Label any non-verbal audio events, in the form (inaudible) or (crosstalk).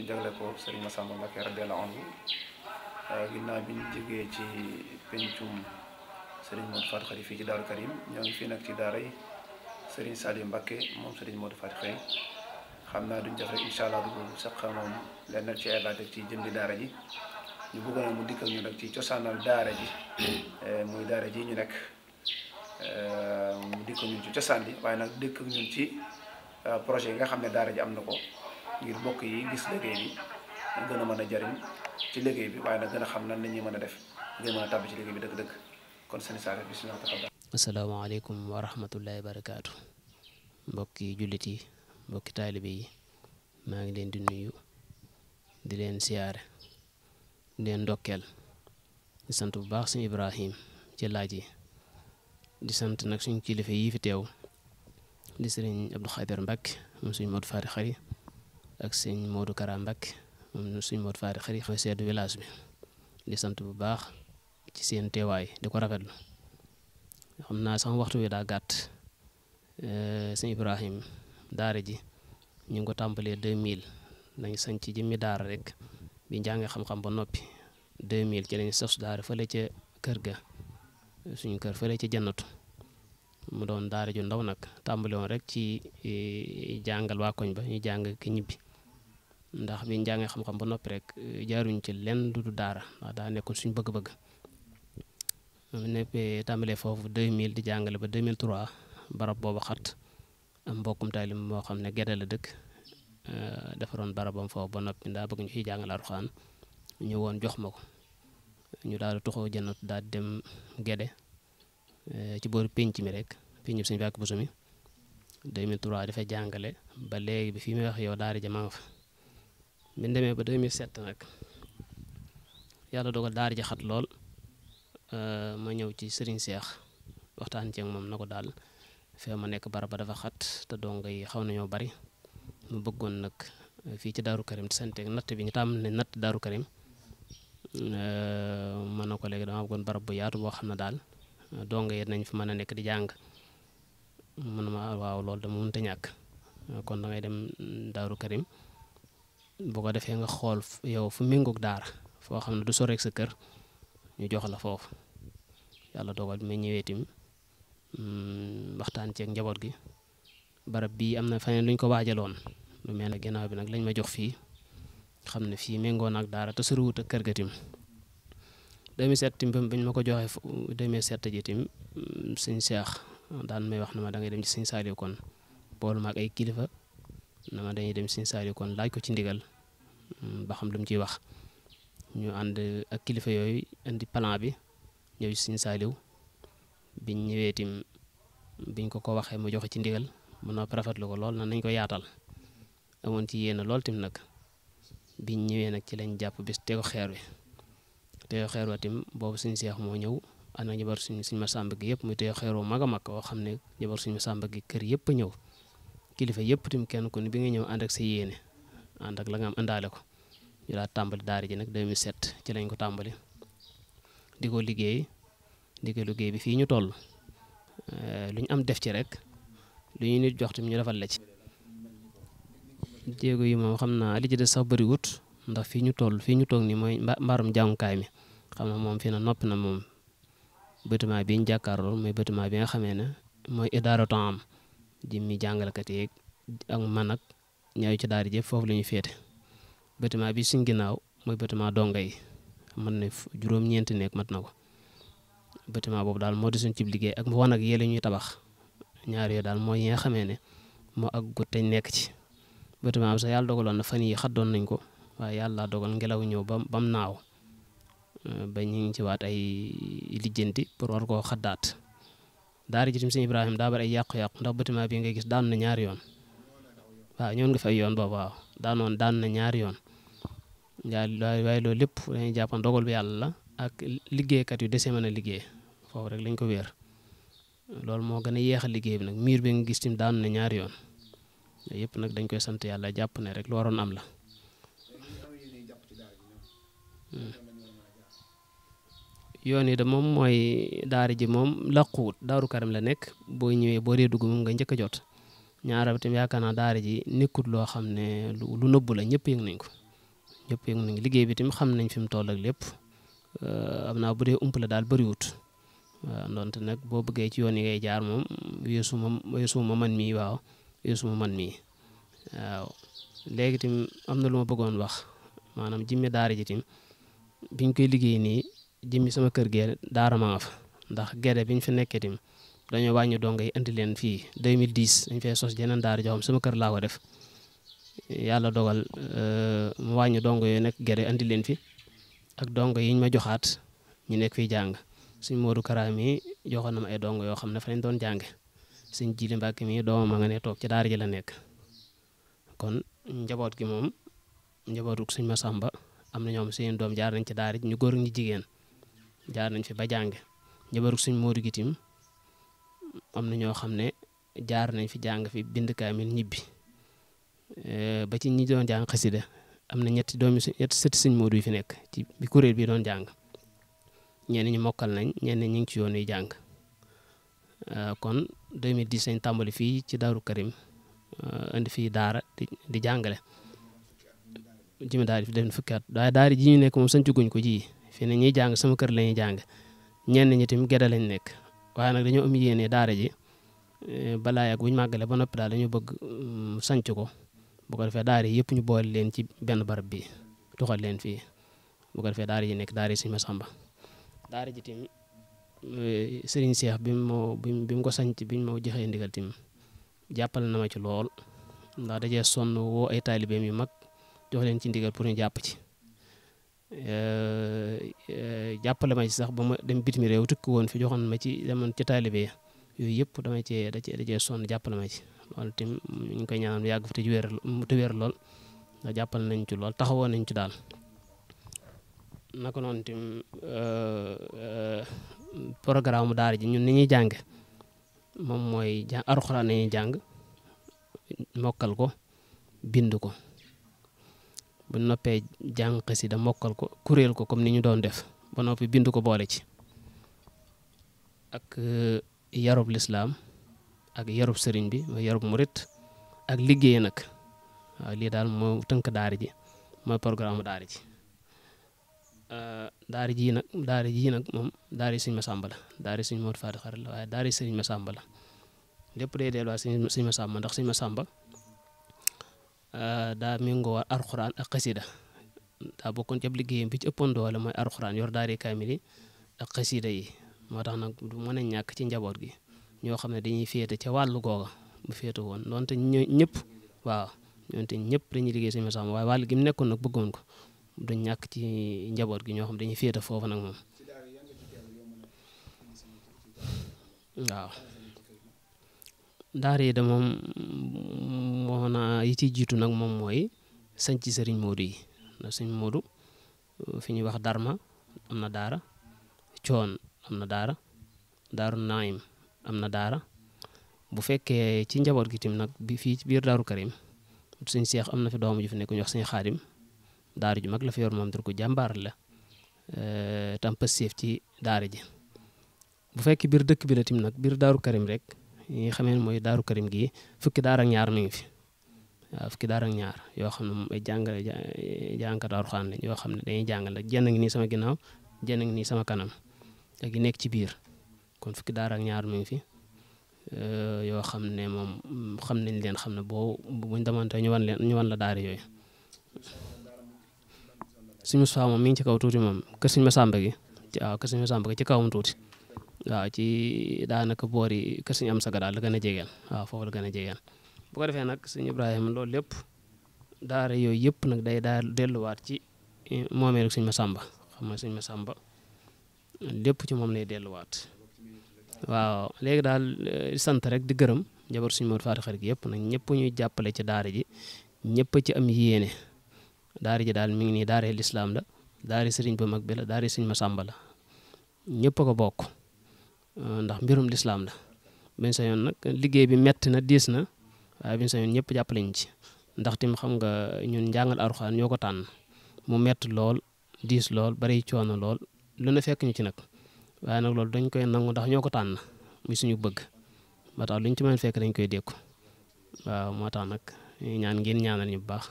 ñu jagle ko Serigne Massamba Mbacké radiyallahu anhu euh, ginnaaw bi ñu jógee ci pencum Serigne Modou Faty Khary fii ci Daaru Karim ñoo ngi fii nag ci daara yi Serigne Saliou Mbacké moom Serigne Modou Faty Khary xam naa duñ def rek incha allah dugg sax moom lenn nag ci daara ji ñu bëggoon a ñu nag ci cosaanal daara ji (coughs) euh, muy daara ji ñu nekk euh, mu dikkal ñun ci cosaan bi waaye nag dikkal ñun ci projet yi nga xam ne daara ji am na ko. ngir mbokk yi gis liggéey bi gën a mën a jariñ ci liggéey bi waaye nag gën a xam nan la ñuy mën a def ngir mën a tàbb ci liggéey bi dëgg-dëgg kon seen saare bi bisimilah tafadal asalaamaaleykum maa ngi leen di nuyu leen siyaare di leen sant bu baax suñu Ibrahim ci laaj yi di sant nag suñu kilifa yi fi teew di sëriñ Abdou Khadir Mbacke moom suñu Modou Fari Xari ak seen Modou Kara Mbacké suñ Modou Faty Khary mooy seetu village bi di sant bu baax ci seen teewaay di ko rafet rafetlu xam naa sax waxtu wi daa gàtt eh, sëñ Ibrahim ji ñu ngi ko tàmbalee 2000 dañ sañ ci jëmmi daara rek bi njànge xam-xam ba noppi 2000 ci lañ sos daara fële ca kër ga suñ kër fële ca janatu mu doon daara ju ndaw nag tàmbale rek ci eh, jàngal waa koñ ba ñu jàng ki ñibbi ndax bi njàngee xam-xam ba noppi rek euh, jaaruñ ci lenn du du daara ndax daa nekkoon suñ bëgg-bëgg mu neppee tàmbalee foofu 2000 di jàngale ba 2003 barab boobu xat am mbokkum taalim moo xam ne gedde la dëkk euh, defaroon barabam foofu ba noppi ndaa bëgg ñu ciy jàngale Alxuraan ñu woon jox ma ko ñu daal di tuxoo jënat daal di dem gedde euh, ci boori pénc mi rek pénc bi suñu fàkk bu sumi 2003 dafa jàngale ba léegi bi fi may wax yow daara di maa fa bi ñu demee ba 2007 nag yàlla dogal daara ji xat lool euh, ma ñëw ci Serigne Cheikh waxtaan ceeg moom na ko daal fee ma nekk barab ba dafa xat te donga yi xaw nañoo bari mu bëggoon nag euh, fii ci Daaru Karim sant natt bi ñu tàmm ne natt Daaru Karim euh, mën na ko léegi dama bëggoon barab bu yaatu boo xam ne daal donga yi nañ fi mën a nekk di jàng man ma ah, waaw loolu dama mënut a ñàkk kon da ngay dem Daaru Karim. bu ko defee nga xool yow fu méngoog daara foo xam ne du soreek sa kër ñu jox la foofu yàlla dogal bi ma ñëwee itam mm, waxtaan ceeg njaboot gi barab bii am na feneen luñ ko waajaloon lu mel ne ginnaaw bi nag lañ ma jox fii xam ne fii méngoo naag daara te soriwut ak kër ga itam 2007 tim bañ ma ko joxee 2007 ji tim mm, sëñ Cheikh daan may wax na ma da ngay dem ci sëñ Saliou kon boolu maag ay kilifa dama dañuy dem Sëñ Saaliw kon laaj ko ci ndigal mm, ba xam lu mu ciy wax ñu ànd ak kilifa yooyu indi plan bi ñëw ci Sëñ Saaliw biñ ñëwee tim biñ ko ko waxee mu joxe ci ndigal mun na rafetlu ko lool na nañ ko yaatal amoon ci yéen lool tim nag biñ ñëwee nag ci lañ jàpp bis te ko xeer wi te ko xeer wa boobu Sëñ Seex moo ñëw ànd ak njabar suñ suñ ma sàmb gi yëpp muy te xeer wu mag a mag koo xam ne njabar suñ ma sàmb gi kër yëpp ñëw kilifa yëpp tim kenn ku ne bi nga ñëw ànd ak yéene ànd la nga am àndaale ko ñu tàmbali daara ji nag 2007 ci lañ ko tàmbali di ko liggéey di ko liggéey bi fii ñu toll eh, lu ñu am def ci rek lu ñu nit jox tim ñu defal la ci. jéego yi moom xam naa li ci des sax bëriwut ndax fii ñu toll fii ñu toog nii mooy mbaarum jàngukaay mi xam na moom fii na noppi na moom bâtiment bi ñu jàkkaarloo mooy bâtiment bi nga xamee ne mooy idaara temps am. jëmmi jàngalekat yeeg ak man ak ñaayu ci daara jëpp foofu la ñuy féete bâtiment bi suñ ginnaaw mooy bâtiment donga yi man na juróom-ñeenti nekk mat na ko bâtiment boobu daal moo di suñ cib liggéey ak wan nag yéen ñuy tabax ñaar yooyu daal mooy yi nga xamee ne moo ak gut teñ nekk ci bâtiment bi sax yàlla dogaloon na fan yi xaddoon nañ ko waaye yàlla dogal ngelaw ñëw ba bam naaw ba ñu ngi ci waat ay lijjanti pour war ko xaddaat daara ji tam sëñ Ibrahima daa bari ay yàqu-yàqu ndax bâtiment bi nga gis daanu ñaari yoon waaw ñëwoon nga yoon boobu waaw daanoon daan na ñaari yoon waaye loolu lépp dañuy jàpp dogal bi yàlla la ak liggéeykat yu desee mën a liggéey foofu rek lañ ko wéer loolu moo gën a yéex a liggéey bi nag miir bi nga gis tim daanu na ñaari yoon yooyu yëpp nag dañ koy sant yàlla jàpp ne rek lu waroon am la. Hmm. yoon yi de moom mooy daar ji moom làquwut daaru karam la nekk boo ñëwee boo dee dugg moom nga njëkk a jot ñaareel tam yaakaar naa daara ji nekkut loo xam ne lu nëbbu la ñëpp yëg nañ ko ñëpp yëg nañ liggéey bi tam xam nañ fi mu toll ak lépp euh, am naa bu dee ump la daal bëriwut waaw euh, donte nag boo bëggee ci yoon yi ngay jaar moom weesu ma weesu ma man mii waaw weesu man mii léegi tam am na lu bëggoon wax maanaam jimmi daara ji koy liggéey nii. jimmi sama kër gee daara ma nga fa ndax gere bi ñu fi nekkee tim dañoo wàññi donga yi indi leen fii 2010 dañu fee sos jeneen daara joo xam sama kër laa ko def yàlla dogal euh, mu wàññi dongo yooyu nekk gere andi leen fi ak dongo yi ma joxaat ñu nekk fiy jàng suñ Modou Kara mi joxoon na ay dongo yoo xam ne fa lañ doon jàng suñ Jili Mbàkke mi doomam a nga ne toog ci daara ji la nekk kon njaboot gi moom njabootu suñ Masamba am na ñoom seen doom jaar nañ ci daara ñu góor ñu jigéen jaar nañ fi ba jàng njabarug suñ Modou gitim am na ñoo xam ne jaar nañ fi jàng fi bind kaamil ñibbi eh, ba ci ñi doon jàng de am na ñetti doomi su ñetti sëti suñ Modou yi fi nekk ci bi kuréel bi doon jàng ñenn ñi mokkal nañ ñenn ñi ngi ci yoon yi jàng eh, kon 2010 lañ tàmbali fii ci Daaru Karim eh, indi fii daar di di jàngale jimi daari fi def fukki at waaye daari ji ñu nekk moom sañ guñ ko ji fi ne ñuy jàng sama kër la ñuy jàng ñenn ñi tamit gedda lañ nekk waaye nag dañoo am yéene daara ji eh, balaa yàgg bu ñu màggalee ba noppi daal dañu bëgg mm, sanc ko bu ko defee daara yi yëpp ñu bool leen ci benn barab bi tuxal leen fii bu ko defee yi nekk daara yi suñu Masamba daara ji tamit eh, Serigne Cheikh bi mu bi mu ko sanc bi mu joxee ndigal tamit jàppal na ma ci lool ndax dajee sonn woo ay taalibeem yu mag jox leen ci ndigal pour ñu jàpp ci Euh, euh, jàppale ma ci sax ba ma dem bitim réew woon fi joxoon ma ci demoon ci taalibe yooyu yëpp dama cee da cee da cee sonn jàppale ma ci loolu tim ñu ngi koy ñaanal yàgg fa te wér lool nga jàppale nañ ci lool taxawoon nañ ci daal naka noonu tim euh, programme mu daara ji ñun ni ñuy jàng moom mooy ja Alxuraan nañuy jàng mokkal ko bind ko bu noppee jàng xasida mokkal ko kuréel ko comme ni ñu doon def ba noppi bind ko boole ci ak euh, yarub lislaam ak yarub sëriñ bi mooy yarub murit ak liggéey nag waaw lii daal moo tënk daara ji mooy programme daara ji euh, daara jii nag daara jii nag moom daara yi suñ ma sàmba la daara yi suñ Mor Faati Xarit la waaye daara sëriñ ma sàmba la lépp day delluwaat suñ ma sàmba ndax suñ ma sàmba Euh, daa méngoo war alxuraan ak xasida daa bokkoon ci ab liggéeyam bi ci ëppoon doole mooy alxuraan yor daari kaamil yi ak xasida yi moo tax nag du mën a ñàkk ci njaboot gi ñoo xam ne dañuy féete ca wàllu googa bu féete woon doonte ñëpp waaw doonte ñëpp dañuy liggéey suñu masam wàll gi mu nekkoon nag bëggoon ko du ñàkk ci njaboot gi ñoo xam ne dañuy féete foofu nag moom waaw daara yi de moom xam naa yi ciy jiitu nag moom mooy ci sëriñ Modou yi ndax sëriñ Modou fi ñuy wax Darma am na daara coon am na daara daaru Naim am na daara bu fekkee ci njaboot gi tim nag bi fii ci biir daaru Karim sëñ Seex am na fi doomu ju fi nekk ñu sëñ Xaadim daara ji mag la fi yor moom tur ko jàmbaar la tam pësseef ci daara ji bu fekkee biir dëkk bi la tim nag biir daaru Karim rek ñu nga xamee mooy daaru Karim gii fukki daara ak ñaar mi fi fukki daara ak ñaar yoo xam ne moom ay jàngale jàngkat alxuraan lañ yoo xam ne dañuy jàngale jenn ngi nii sama ginaaw jenn ngi nii sama kanam ak yi nekk ci biir kon fukki daara ak ñaar mu ngi fi eh, yoo xam ne moom xam nañ leen xam ne boo buñ demante ñu wan leen ñu wan la daar yooyu suñu Moustapha moom mi ngi ci kaw tuuti moom kër suñu Massamba gi waaw kër suñu Massamba gi ci kawam tuuti waaw ci daanaka boori kër suñu am saga daal la gën a jegeel waaw foofu la gën a jegeel bu ko defee nag sëñ Ibrahima loolu lépp daara yooyu yëpp nag day daa delluwaat ci eh, moomee rek sëñ Masamba xam nga sëñ Masamba lépp ci moom lay delluwaat waaw léegi daal eh, sant rek di gërëm jabar suñu Modou Faty Khary yëpp nag ñëpp ñuy jàppale ci daara ji ñëpp ci am yéene daara ji daal mi ngi nii daara lislaam la daara sëriñ bu mag bi la daara sëriñ Masamba la ñëpp ko bokk eh, ndax mbirum lislaam la benn sa nag liggéey bi metti na diis na waaye bu ñu sañoon ñëpp jàppale ñu ci ndax mu xam nga ñun njàngal Alxuraan ñoo ko tànn mu mett lool diis lool bari coono lool lu ne fekk ñu ci nag waaye nag loolu dañ koy nangu ndax ñoo ko tànn muy suñu bëgg ba tax luñ ci mën fekk dañ koy dékku waaw moo tax nag ñaan ngeen ñaanal ñu bu baax.